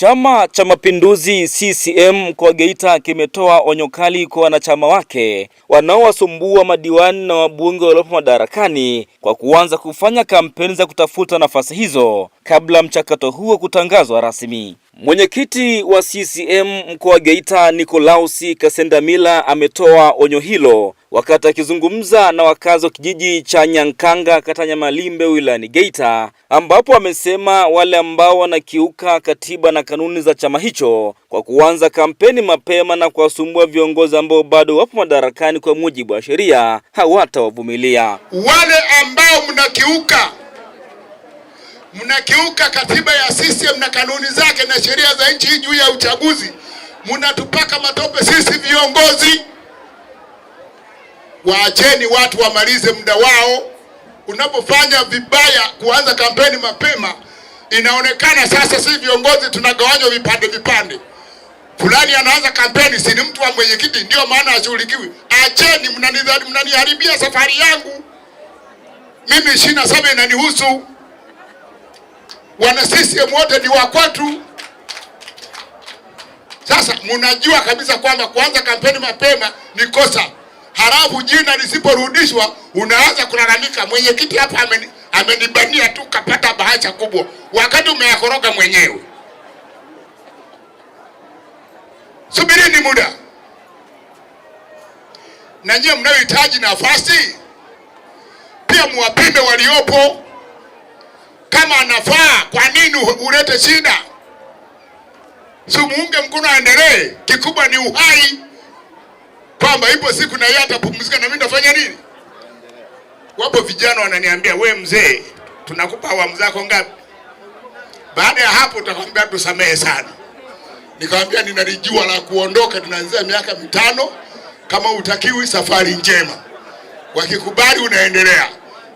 Chama cha Mapinduzi CCM mkoa Geita kimetoa onyo kali kwa wanachama wake wanaowasumbua madiwani na wabunge waliopo madarakani kwa kuanza kufanya kampeni za kutafuta nafasi hizo kabla mchakato huo kutangazwa rasmi. Mwenyekiti wa CCM mkoa Geita Nikolausi Kasendamila ametoa onyo hilo Wakati akizungumza na wakazi wa kijiji cha Nyankanga kata Nyamalimbe wilayani Geita, ambapo amesema wale ambao wanakiuka katiba na kanuni za chama hicho kwa kuanza kampeni mapema na kuwasumbua viongozi ambao bado wapo madarakani kwa mujibu wa sheria hawatawavumilia. Wale ambao mnakiuka mnakiuka katiba ya CCM na kanuni zake na sheria za nchi hii juu ya uchaguzi, mnatupaka matope sisi viongozi Waacheni watu wamalize muda wao. Unapofanya vibaya, kuanza kampeni mapema, inaonekana sasa, si viongozi tunagawanywa vipande vipande, fulani anaanza kampeni, si ni mtu wa mwenyekiti, ndio maana ashughulikiwi. Acheni, mnaniharibia safari yangu mimi. ishirini na saba inanihusu, wana CCM wote ni wa kwetu. Sasa mnajua kabisa kwamba kuanza kampeni mapema ni kosa halafu jina lisiporudishwa unaanza kulalamika, mwenyekiti hapa amenibania tu kapata bahasha kubwa, wakati umeyakoroga mwenyewe. Subirini muda, na nyie mnayohitaji nafasi pia muwapime waliopo kama anafaa. Kwa nini ulete shida? Si muunge mkono aendelee, kikubwa ni uhai kwamba ipo siku na yeye atapumzika na mimi nitafanya nini? Wapo vijana wananiambia, we mzee, tunakupa awamu zako ngapi? Baada ya hapo utakwambia tusamehe sana. Nikamwambia ninalijua la kuondoka, tunaanzia miaka mitano. Kama utakiwi, safari njema. Wakikubali unaendelea,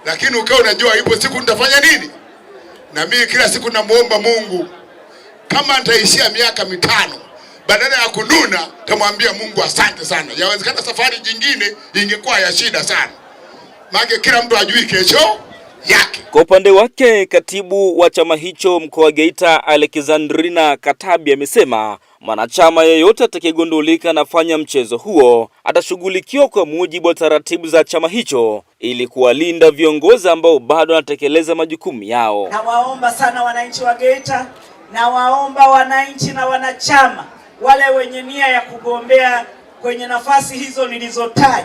lakini ukawa unajua ipo siku nitafanya nini. Na mimi kila siku namuomba Mungu, kama nitaishia miaka mitano badala ya kununa kamwambia Mungu asante sana. Yawezekana safari jingine ingekuwa ya shida sana, maana kila mtu ajui kesho yake. Kwa upande wake, katibu wa chama hicho mkoa wa Geita Alexandrina Katabi amesema mwanachama yeyote atakayegundulika anafanya mchezo huo atashughulikiwa kwa mujibu wa taratibu za chama hicho ili kuwalinda viongozi ambao bado wanatekeleza majukumu yao. Nawaomba sana wananchi wa Geita, nawaomba wananchi na wanachama wale wenye nia ya kugombea kwenye nafasi hizo nilizotaja,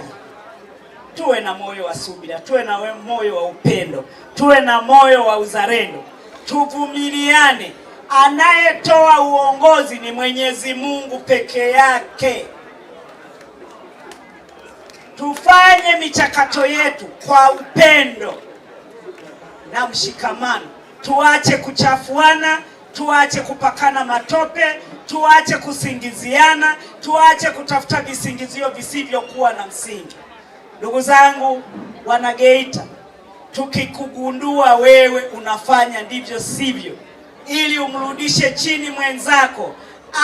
tuwe na moyo wa subira, tuwe na moyo wa upendo, tuwe na moyo wa uzalendo, tuvumiliane. Anayetoa uongozi ni Mwenyezi Mungu peke yake. Tufanye michakato yetu kwa upendo na mshikamano, tuache kuchafuana tuache kupakana matope, tuache kusingiziana, tuache kutafuta visingizio visivyokuwa na msingi. Ndugu zangu wana Geita, tukikugundua wewe unafanya ndivyo sivyo, ili umrudishe chini mwenzako,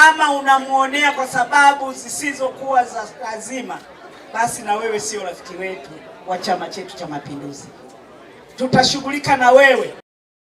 ama unamwonea kwa sababu zisizokuwa za lazima, basi na wewe sio rafiki wetu wa Chama chetu cha Mapinduzi. Tutashughulika na wewe.